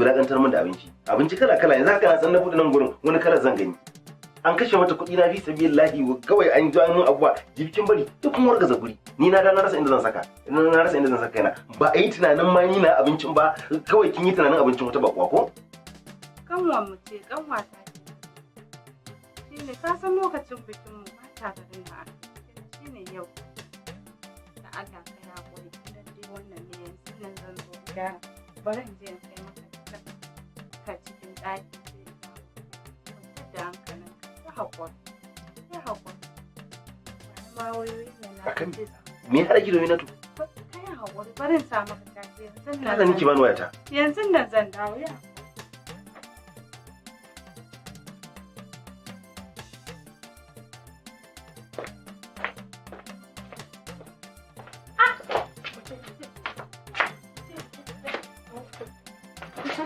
wulaƙantar mun da abinci abinci kala kala yanzu haka na san na bude nan gurin wani kalar zan gani an kashe mata kuɗi na fi wa kawai an ji an abuwa jikin bari duk kuma warga zaburi ni na da na rasa inda zan saka na rasa inda zan saka yana ba a yi tunanin ma ni na abincin ba kawai kin yi tunanin abincin wata bakuwa ko kanwa mu ce kanwa ta ne ka san lokacin bikin mu ba ta garin ba ne yau da Allah ka ya koyi dan dai wannan ne yanzu nan zan zo gida bari in je Ka cikin ɗaki kwantar da hankalinka ta haƙuri ta haƙuri ma wayoyin nan na ce me ya haɗa ki na to kai haƙuri barin sa maka caji yanzu nan zan ki bani wayata yanzu nan zan dawo ya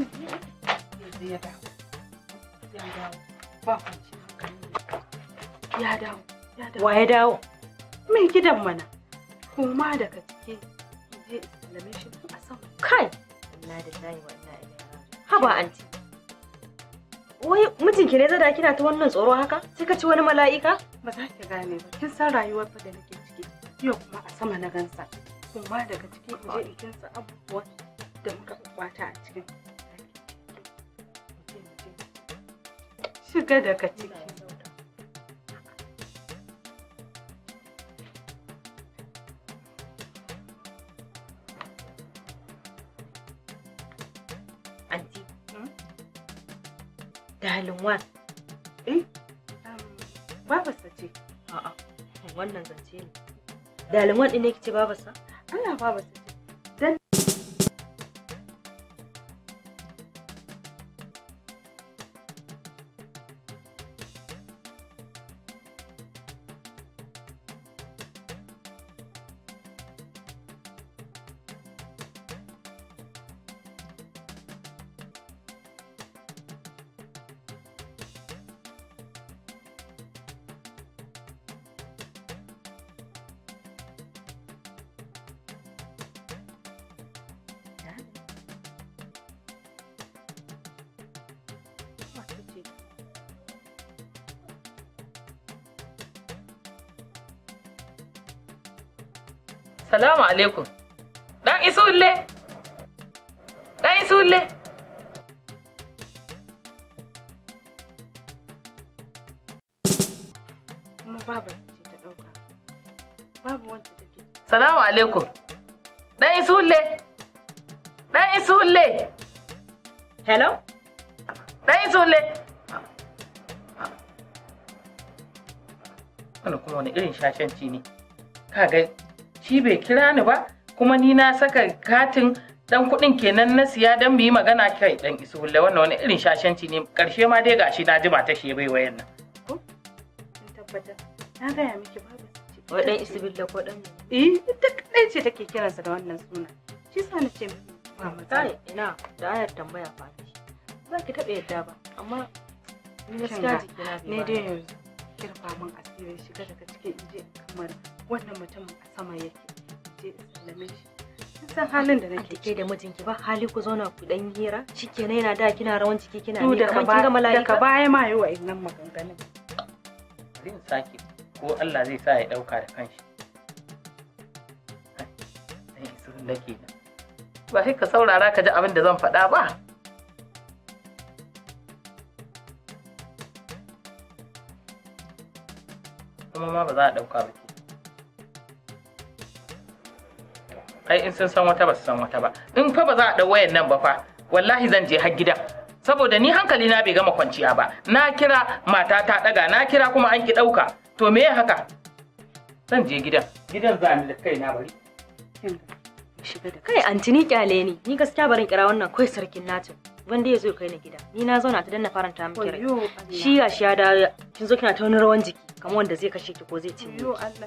Thank ah! you. sai ya dawo ya mai gidan mana kuma daga ciki je islame shi a sama kai Allah da haba anti wai mijinki ne zada kina ta wannan tsoro haka ci wani mala'ika gane ba kin rayuwar nake ciki yau kuma a na gansa kuma daga je abubuwan da muka a cikin Shiga daga ciki. Anti, hmm? dalin wan. Eh, um, babarsa ce. A'a, wannan zance ne. Dalin wan ɗin ne kice babarsa? Allah babarsa Salamu alaikum. Dan isulle. Dan isulle. Kuma babu ce ta Babu wanda Salamu alaikum. Dan isulle. Dan isulle. Hello? Dan isulle. Wani kuma wani irin shashanci ne. Ka ga shi bai kira ni ba kuma ni na saka katin dan kudin kenan na siya dan mu yi magana kai dan isu wallahi wannan wani irin shashanci ne karshe ma dai gashi na jima ta shebe wayan nan ko tabbata na ya miki babu ko dan isu billa ko dan eh ita kadai ce take kiransa da wannan suna shi sa na ce ba mutane ina da ayar tambaya fa ba ki taɓa yadda ba amma ni gaskiya jikina ne dai yanzu kirfa mun asiri shiga daga cikin ije kamar wannan mutumin a sama yake je sallame shi san halin da nake ke da mijinki ba hali ku zauna ku dan hira shikenan yana da kina rawan ciki kina ne kamar kin ga mala'ika daga baya ma yi wa'annan maganganun zai saki ko Allah zai sa ya dauka da kanshi nake da ba sai ka saurara ka ji abin da zan faɗa ba kuma ma ba za a ɗauka ba ai in sun san wata ba su san wata ba in fa ba za a ɗau wayan nan ba fa wallahi zan je har gidan saboda ni hankali na bai gama kwanciya ba na kira mata ta ɗaga na kira kuma an ki ɗauka to me ya haka zan je gidan gidan za ni mi kai na bari shiga da kai antini kyale ne. ni gaskiya barin kira wannan kai sarkin natin wanda ya zo kai na gida ni na zauna ta danna faranta miki rai shi ya shi ya da kin zo kina ta wani rawan jiki kamar wanda zai kashe ki ko zai ci yo Allah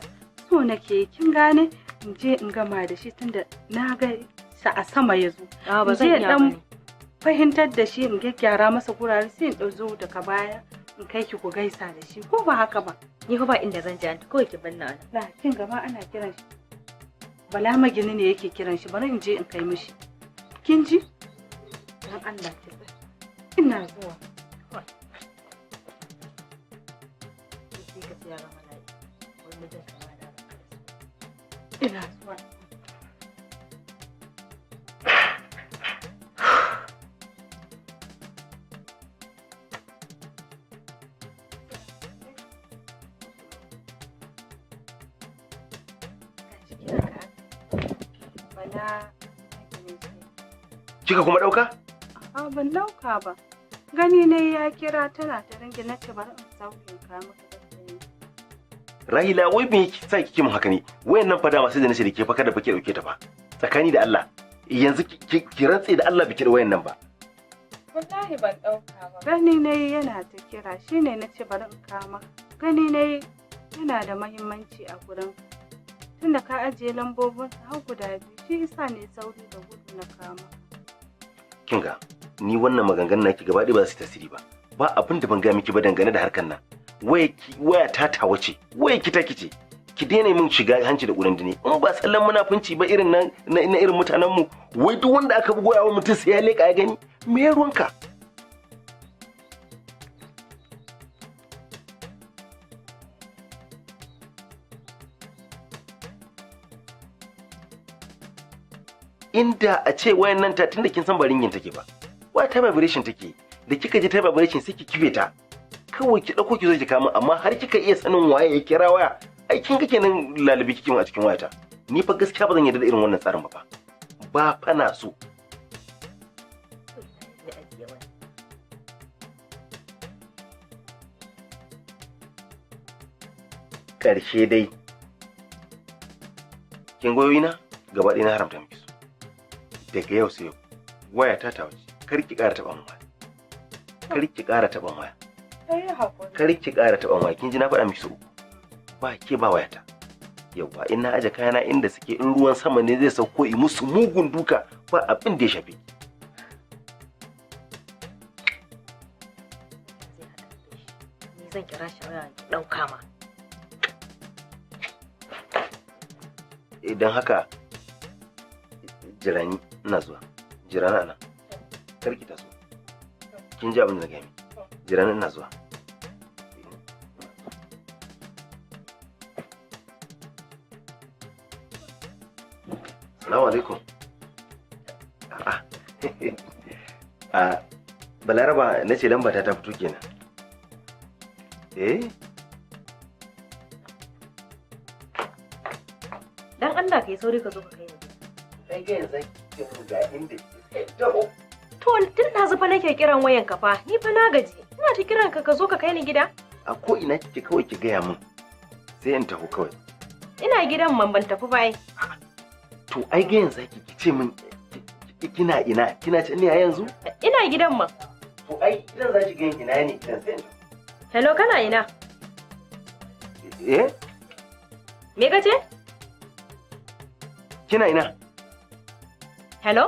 so nake kin gane in je in gama da shi tunda na ga sa a sama ya zo. Ah, ba je dan fahimtar da shi in gyaggyara masa gurare sai in zo daga baya in kai ki ku gaisa da shi ko ba haka ba. Ni ba inda zan je ta kawai ki banna na. Na kin gama ana kiran shi. Bala magini ne yake kiran shi bari in je in kai mishi. Kin ji? Dan Allah ki Ina zuwa. Thank you. Ina Kika kuma ɗauka? A ban ɗauka ba. Gani ne ya kira tana ta ringi na ce bari in sauke ka maka. Rahila wai me yake sa kike mun haka ne? Wayannan fa dama sai da nace da ke fa kada baki dauke ta ba. Tsakani da Allah. Yanzu ki rantse da Allah biki da wayannan ba. Wallahi ban dauka ba. Gani nayi yana ta kira shine nace bari in kama. Gani nayi yana da muhimmanci a gurin tunda ka ajiye lambobin har guda biyu shi isa ne sauri da gudu na kama. Kinga, ni wannan maganganun naki gaba ɗaya ba su tasiri ba. ba abin da ban ga miki ba dangane da harkan nan waya ta tawa ce waya ki kice ki daina min shiga hanci da ƙurin dini in ba sallan munafunci ba irin nan na irin mutanen mu wai duk wanda aka goya wa mutum sai ya leka ya gani me ruwanka inda a ce wayan nan ta tunda kin san ba take ba wata ta vibration take da kika ji ta barcin sai ki kife ta kawai ki dauko ki zo ki kama amma har kika iya sanin waye ya kira waya ai kin kake nan lalabi kike a cikin wayata ni fa gaskiya ba zan yarda da irin wannan tsarin ba fa ba fa na so Karshe dai kin goyoyi na gaba ɗaya na haramta miki daga yau sai yau waya ta tawo kar ki ƙara taɓa mu waya kar ki ƙara taɓan waya kar ki ƙara taɓan waya kin ji na faɗa miki su ba ke ba wayata yauwa in na aje kayana inda suke in ruwan sama ne zai sauko yi musu mugun duka ba abin da ya shafe zan kira shi ɗauka ma idan haka jirani ina zuwa jirani ana karki ta so kin ji abin da gani jira ina zuwa Assalamu alaikum. A'a. Balaraba na ce lambata ta fito kenan. Eh? Dan Allah ka yi sauri ka zo ka kai ni. Sai ga yanzu ke ga inda ke. Dawo. To tun ɗazu fa nake kiran wayan ka fa, ni fa na gaji. Ina ta kiran ka ka zo ka kai ni gida. A ko ina kike kawai ki gaya min. Sai in tafi kawai. Ina gidan man ban tafi bai. To ai ga yanzu ki ce min kina ina kina can ne a yanzu? Ina gidan man. To ai idan za ki ga ina ne gidan sai. Hello kana ina? Eh? Me kace? Kina ina? Hello?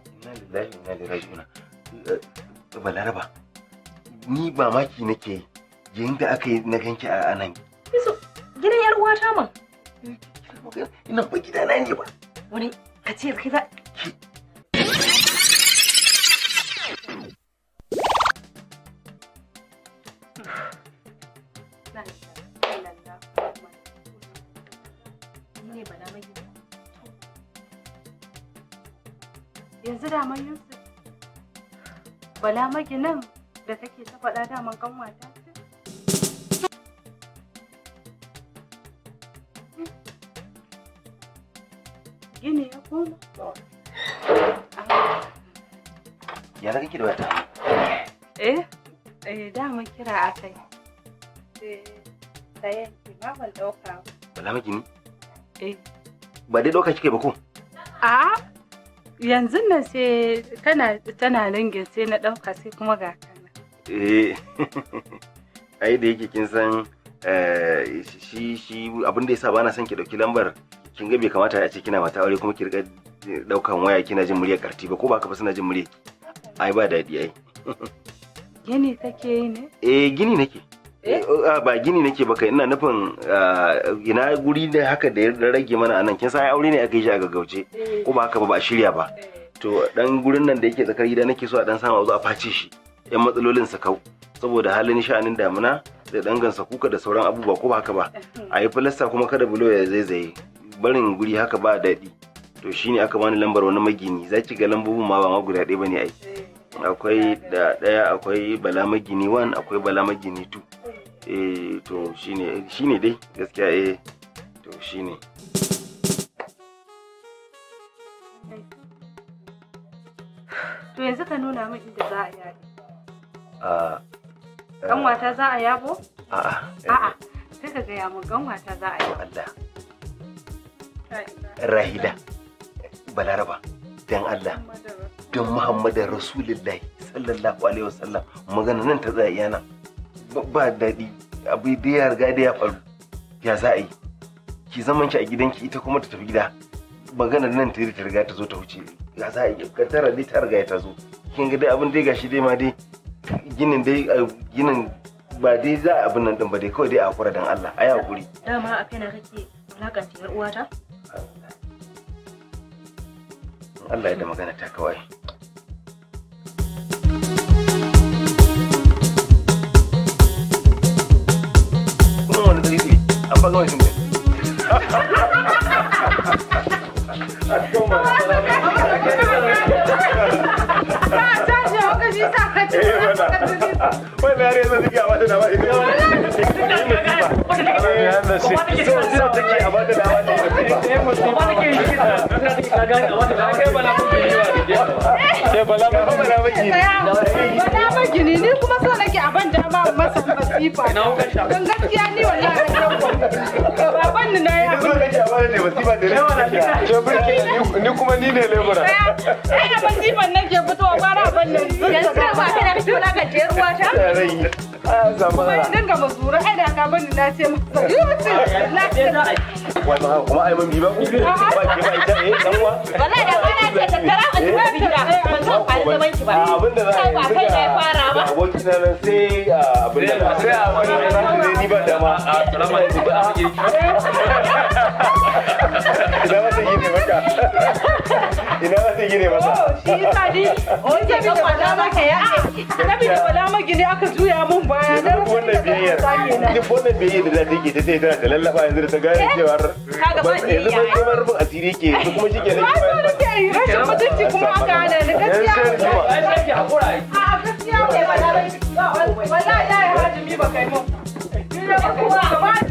inna lillahi inna ilaihi raji'un eh, eh, balaraba ni mamaki nake yi yayin da aka yi na ganki a anan yusuf gidan yar uwata man ina ba gida na ne ba wani ka ce kai za ne ba yanzu daman Yusuf bala maginan da take ta faɗa daman kanwata gini ya koma ya kake da wata eh eh daman kira akai eh sayan ki ma ban dauka bala magini eh ba dai dauka kike ba ko a'a yanzu na sai kana tana linge sai na ɗauka sai kuma ga kana. Eh, ai da yake kin san eh, shi shi abin da yasa ba na son ki ɗauki lambar kin ga bai kamata a ce kina mata aure kuma ki riga ɗaukan waya kina jin muryar karti ba ko ba ka ba suna jin murya. Ai ba daɗi ai. Gini take yi ne? Eh gini nake. Eh? Eh, oh, ah, ba gini nake baka ina nufin ah, ina guri da haka da ya rage mana anan kin sai aure ne aka yi shi a gaggauce eh. ko ba haka ba ba shirya ba to dan gurin nan da yake tsakar gida nake so a dan sama zuwa a face shi yan matsalolin sa kau saboda halin sha'anin damuna da dangansa kuka da sauran abubuwa ko ba haka ba a yi filasta kuma kada bulo ya zaizaye barin guri haka ba daɗi to shine aka bani lambar wani magini za ki ga lambobin ma ba ma guda ɗaya bane ai akwai da ɗaya akwai bala magini 1 akwai bala magini 2 eh to shine shine dai gaskiya eh to shine to yanzu ka nuna min inda za a yaɗe a ganwata za a yabo a a sai ka gaya min ganwata za a yabo Allah rahila balaraba dan Allah don Muhammadin Rasulullahi sallallahu alaihi wasallam magana nan ta za a yana ba daɗi abu da ya riga da ya faru ya za a yi ki zaman ki a gidanki ita kuma ta tafi gida magana nan ta ta riga ta zo ta wuce ya za a yi ka tara dai ta riga ta zo kin ga dai abin dai gashi dai ma dai ginin dai ginin ba dai za a abin nan din ba dai kawai dai a hakura dan Allah a yi hakuri dama a kaina kake wulakanta yar uwata Allah ya da magana ta kawai da dalili amma zuwa shi mai Wai yawa Eh bala ba ni kuma so nake a ban gaskiya ni na na kuma ni ne lebura. Ai da masifan ke fitowa nan. Yanzu ba ka da fito na ruwa ta. dinga mazura ai da ka bani na ce masa. Yusuf na ce. wata haka kuma ai mun bi ba ku ba ki ba ita eh dan uwa wallahi da kana ce tattara a cikin bidira ban zo ba da banki ba abin da za a yi ba kai ne fara ba aboki na nan sai abin da sai a a a ina za ta gire masa shi yasa ni maka ya annabi da wala magini aka juya mun baya na wannan biyayyar duk wannan biyayyar da take ta sai tana da lallaba yanzu da ta gane cewa kaga ba ni yanzu ban asiri ke kuma ba ke rashin mutunci kuma ni gaskiya ai sai hakura a gaskiya ne wallahi wallahi ya hajimi ba kai ni kuma ba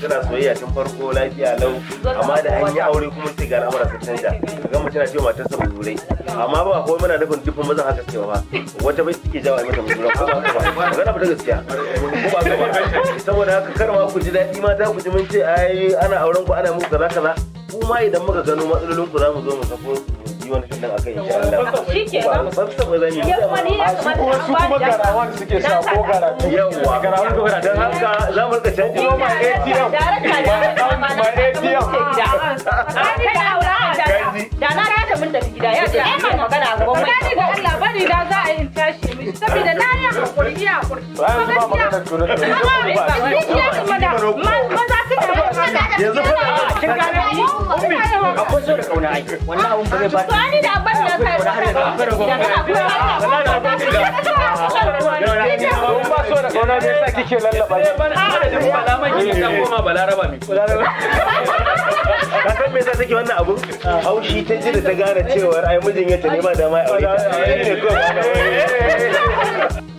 suna soyayya tun farko lafiya lau amma da an yi aure kuma sai ga al'amura su canja ga mace na cewa matarsa muzurai amma ba ko muna nufin dukkan mazan haka cewa ba wata bai suke jawo mata muzurai ko ba haka ba magana ba ta gaskiya ko ba haka ba saboda haka kar ma ku ji daɗi mata ku ji mun ce ai ana auren ku ana muku kaza kaza kuma idan muka gano matsalolin ku za mu zo mu sako yi wani fim din akan insha Allah shikenan ba saba zan yi kuma ni ya kamata an ba kuma garawan suke sa ko garawan yawa garawan ko garawan dan haka za mu rika canji ma ATM na rata mun tafi gida ya ce ai da za a yi tashi mishi saboda na yi a iya hakuri ba yanzu fa kin gane ni ummi akwai so da da ta koma balaraba mi ka san me yasa take wannan abun haushi ta ji da ta gane cewa ai mijin ya ta nema da mai aure ta eh,